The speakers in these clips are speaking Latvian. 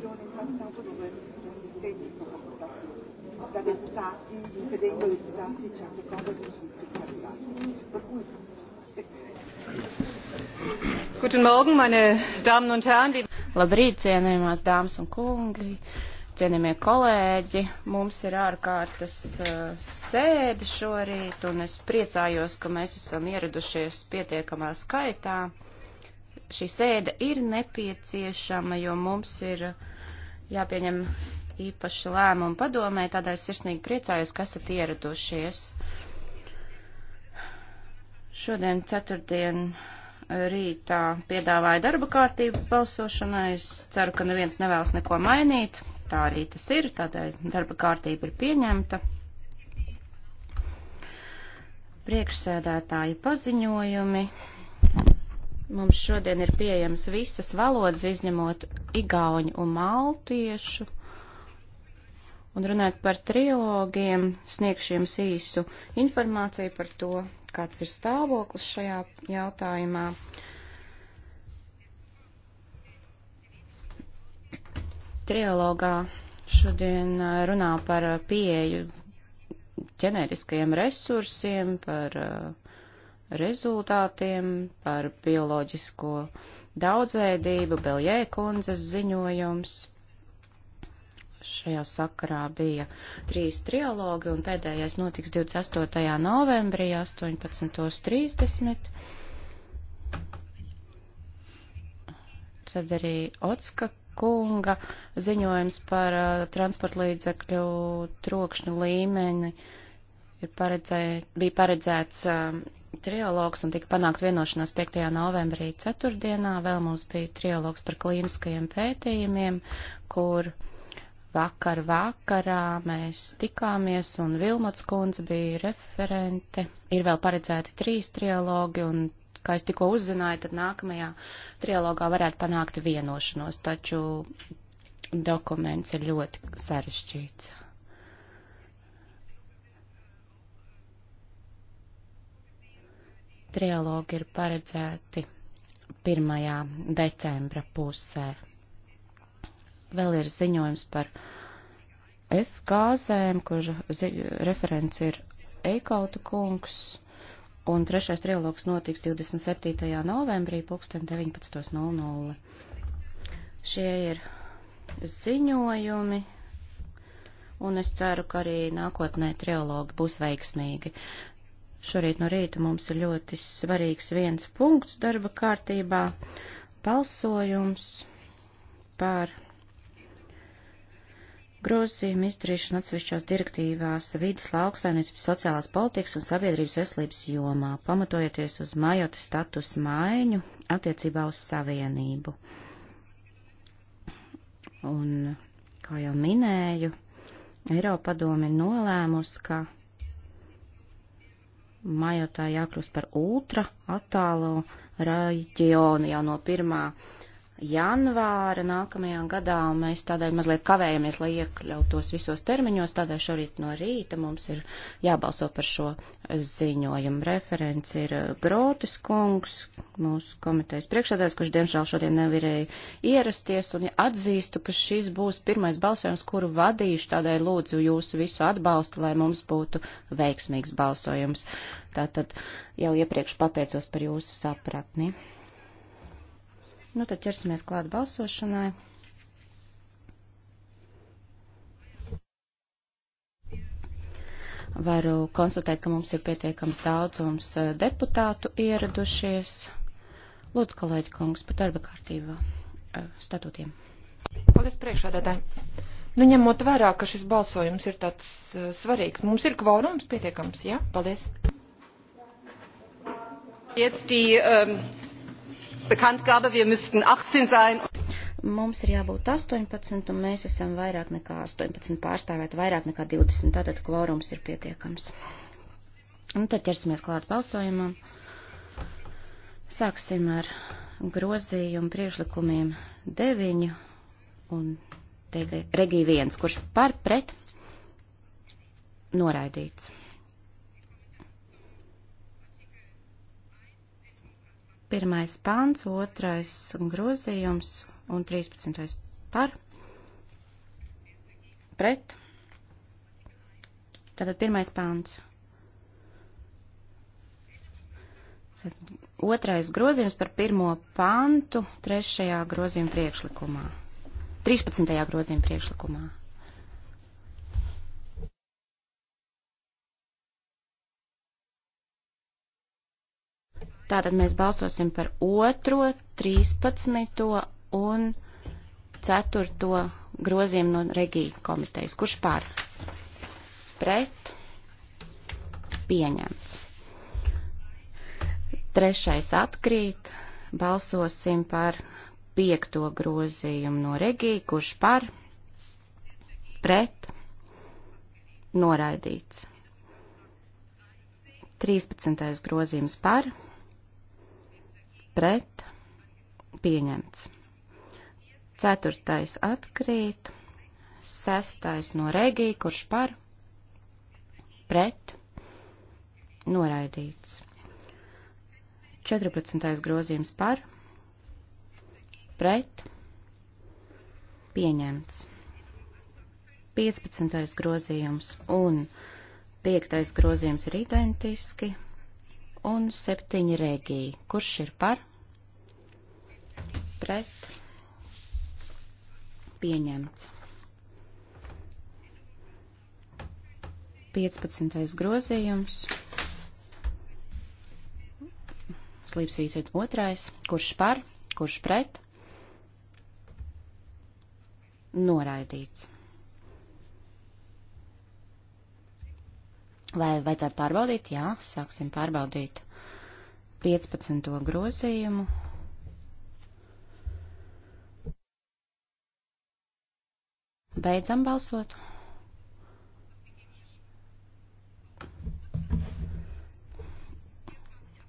situazione in passato dove gli assistenti sono portati da deputati, impedendo ai deputati certe cose che sono più candidati. Per cui eh, Guten Morgen, meine Damen und Herren. Die... Labrīt, cienījumās dāmas un kungi, cienījamie kolēģi. Mums ir ārkārtas uh, sēde šorīt, un es priecājos, ka mēs esam ieradušies pietiekamā skaitā. Uh, šī sēde ir nepieciešama, jo mums ir jāpieņem īpaši lēmumu padomē, tādēļ sirsnīgi priecājos, ka esat ieradušies. Šodien ceturtdien rītā piedāvāja darba kārtību balsošanai. Es ceru, ka neviens nevēlas neko mainīt. Tā arī tas ir, tādēļ darba kārtība ir pieņemta. Priekšsēdētāji paziņojumi. Mums šodien ir pieejamas visas valodas, izņemot igauņu un maltiešu. Un runājot par trilogiem, sniegšu jums īsu informāciju par to, kāds ir stāvoklis šajā jautājumā. Trilogā šodien runā par pieeju ģenētiskajiem resursiem, par uh, rezultātiem, par bioloģisko daudzveidību, Beljē kundzes ziņojums. Šajā sakarā bija trīs trialogi, un pēdējais notiks 28. novembrī 18.30. Tad arī Otska kunga ziņojums par uh, transportlīdzekļu trokšņu līmeni ir paredzē, bija paredzēts uh, trialogs un tika panākt vienošanās 5. novembrī ceturtdienā. Vēl mums bija trialogs par klīniskajiem pētījumiem, kur vakar vakarā mēs tikāmies un Vilmots kundze bija referente. Ir vēl paredzēti trīs trialogi un, kā es tikko uzzināju, tad nākamajā trialogā varētu panākt vienošanos, taču dokuments ir ļoti sarežģīts. trialogi ir paredzēti 1. decembra pusē. Vēl ir ziņojums par F gāzēm, kur zi referents ir Eikauta kungs, un trešais trialogs notiks 27. novembrī 19.00. Šie ir ziņojumi, un es ceru, ka arī nākotnē trialogi būs veiksmīgi. Šorīt no rīta mums ir ļoti svarīgs viens punkts darba kārtībā - balsojums par grozījumu izdarīšanu atsevišķās direktīvās vidas lauksaimniecības sociālās politikas un sabiedrības veselības jomā, pamatojoties uz majota status maiņu attiecībā uz savienību. Un, kā jau minēju, Eiropa domi ir nolēmusi, ka Majotā jākļūst par ultra attālo reģionu jau no pirmā janvāra nākamajā gadā, un mēs tādēļ mazliet kavējamies, lai iekļautos visos termiņos, tādēļ šorīt no rīta mums ir jābalso par šo ziņojumu. Referents ir eh, Grotis kungs, mūsu komitejas priekšsēdājs, kurš diemžēl šodien nevarēja ierasties, un atzīstu, ka šis būs pirmais balsojums, kuru vadīšu, tādēļ lūdzu jūsu visu atbalstu, lai mums būtu veiksmīgs balsojums. Tātad jau iepriekš pateicos par jūsu sapratni. Nu, tad ķersimies klāt balsošanai. Varu konstatēt, ka mums ir pietiekams daudzums eh, deputātu ieradušies. Lūdzu, kolēģi kungs, par darba kārtību eh, statūtiem. Paldies priekšādātāji. Nu, ņemot vērā, ka šis balsojums ir tāds uh, svarīgs, mums ir kvorums pietiekams, jā? Ja? Paldies. Jetzt die, um... Bekanntgabe, wir müssten 18 sein. Mums ir jābūt 18, un mēs esam vairāk nekā 18 pārstāvēt, vairāk nekā 20, tātad kvorums ir pietiekams. Un tad ķersimies klāt balsojumam. Sāksim ar grozījumu priešlikumiem 9 un regī 1, kurš par pret noraidīts. Pirmais pāns, otrais grozījums un 13. par pret. Tātad pirmais pāns. Tātad otrais grozījums par pirmo pāntu trešajā grozījuma priekšlikumā. 13. grozījuma priekšlikumā. Tātad mēs balsosim par otro, 13. un 4. grozījumu no Regija komitejas. Kurš par? Pret? Pieņemts. Trešais atkrīt. Balsosim par piekto grozījumu no Regija. Kurš par? Pret? Noraidīts. 13. grozījums par? pret pieņemts. Ceturtais atkrīt, sestais no Regija, kurš par pret noraidīts. 14. grozījums par pret pieņemts. 15. grozījums un 5. grozījums ir identiski un 7 rēgī. Kurš ir par? Pret. Pieņemts. 15. grozījums. Slīpsvīts ir otrais. Kurš par? Kurš pret? Noraidīts. Vai vajadzētu pārbaudīt? Jā, sāksim pārbaudīt 15. grozījumu. Beidzam balsot.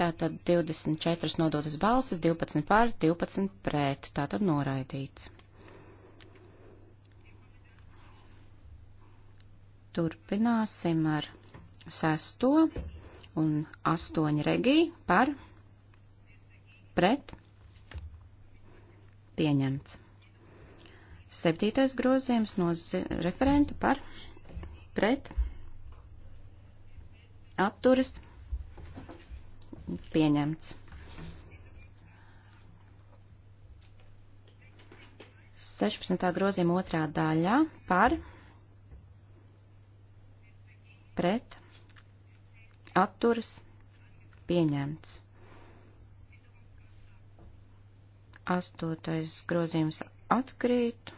Tātad 24 nodotas balsis, 12 pār, 12 pret. Tātad noraidīts. Turpināsim ar sesto un astoņi regī par pret pieņemts. Septītais grozījums no referenta par pret atturas pieņemts. Sešpadsmitā grozījuma otrā daļā par pret atturas pieņemts. Astotais grozījums atkrīt.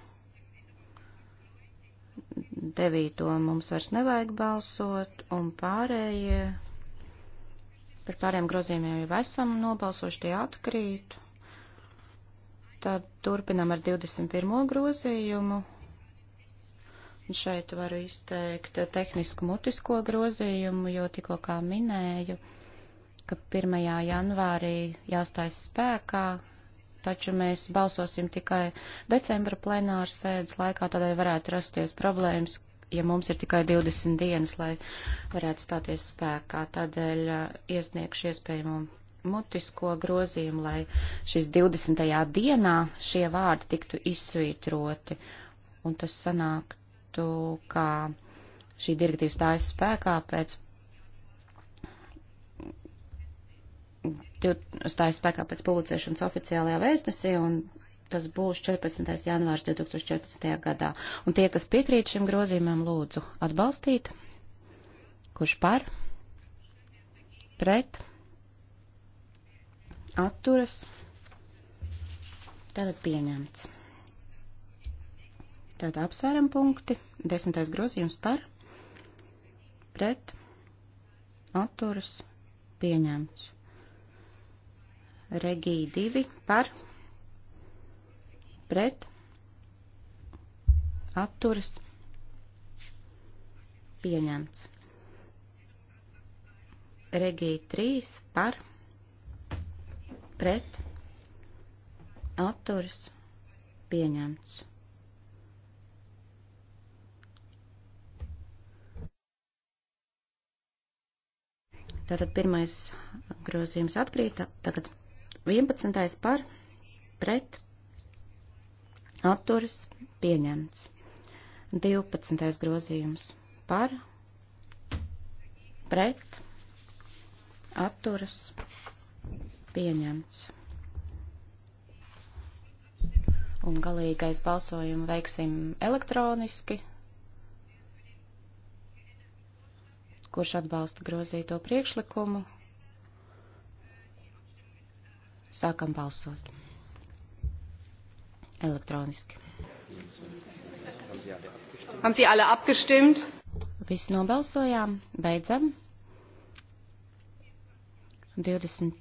Devīto mums vairs nevajag balsot, un pārējie, par pārējiem grozījumiem jau esam nobalsoši, tie atkrīt. Tad turpinam ar 21. grozījumu. Šeit varu izteikt tehnisku mutisko grozījumu, jo tikko kā minēju, ka 1. janvārī jāstājas spēkā, taču mēs balsosim tikai decembra plenāra sēdes laikā, tādēļ varētu rasties problēmas, ja mums ir tikai 20 dienas, lai varētu stāties spēkā. Tādēļ uh, iesniegšu iespējamo mutisko grozījumu, lai šīs 20. dienā šie vārdi tiktu izsvītroti. Un tas sanāk uzskatu, ka šī direktīva stājas spēkā pēc stājas spēkā pēc publicēšanas oficiālajā vēstnesī, un tas būs 14. janvārs 2014. gadā. Un tie, kas piekrīt šim grozījumam, lūdzu atbalstīt. Kurš par? Pret? Atturas? Tātad pieņemts. Tātad apsvēram punkti. Desmitais grozījums par pret atturas pieņemts. Regija 2 par pret atturas pieņemts. Regija 3 par pret atturas pieņemts. Tātad pirmais grozījums atkrīt, tagad 11. par pret atturas pieņemts. 12. grozījums par pret atturas pieņemts. Un galīgais balsojumu veiksim elektroniski. kurš atbalsta grozīto priekšlikumu. Sākam balsot elektroniski. Haben Sie alle abgestimmt? Visi nobalsojām. Beidzam. 23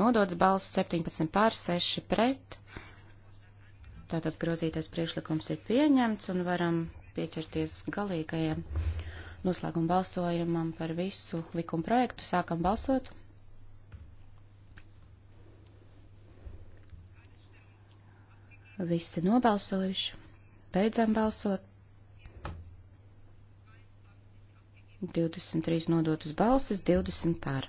nodots balss, 17 pār 6 pret. Tātad grozītais priekšlikums ir pieņemts un varam pieķerties galīgajiem noslēguma balsojumam par visu likuma projektu. Sākam balsot. Visi nobalsojuši. Beidzam balsot. 23 nodotas balsis, 20 par.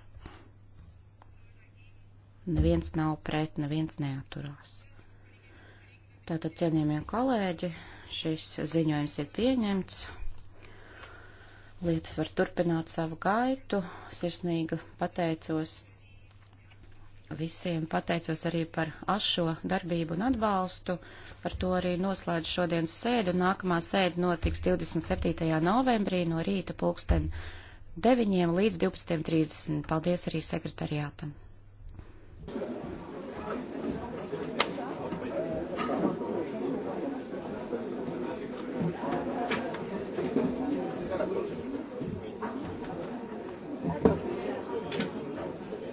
Neviens nav pret, neviens neaturās. Tātad, cienījamie kolēģi, šis ziņojums ir pieņemts lietas var turpināt savu gaitu. Sirsnīgi pateicos visiem, pateicos arī par ašo darbību un atbalstu. Ar to arī noslēdz šodienas sēdu. Nākamā sēda notiks 27. novembrī no rīta pulksten 9 līdz 12.30. Paldies arī sekretariātam.